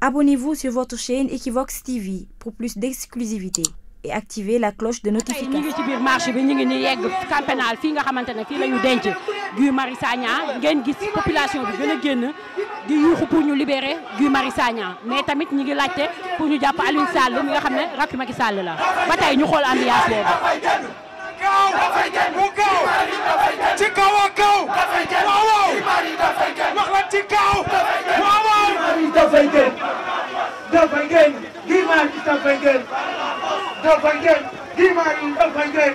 Abonnez-vous sur votre chaîne Equivox TV pour plus d'exclusivité et activez la cloche de notification. ñu ngi ci biir marché bi ñu ngi ni yegg camp pénal fii nga xamante ne fii la ñu denc Guy Marius Sagna ngeen gis population bi gën a génn di yuuxu pour ñu libérer Guy Marius Sagna mais tamit ñi ngi laajte pour ñu jàpp Aliou Sall mi nga xam ne rakk Macky Sall la ba tey ñu xool ambiance boobu. kaw dafay génn mu kaw ci kaw a kaw waaw waaw wax la ci kaw. Dalfa Nguène Dalfa Nguène Guy Marius Dalfa Nguène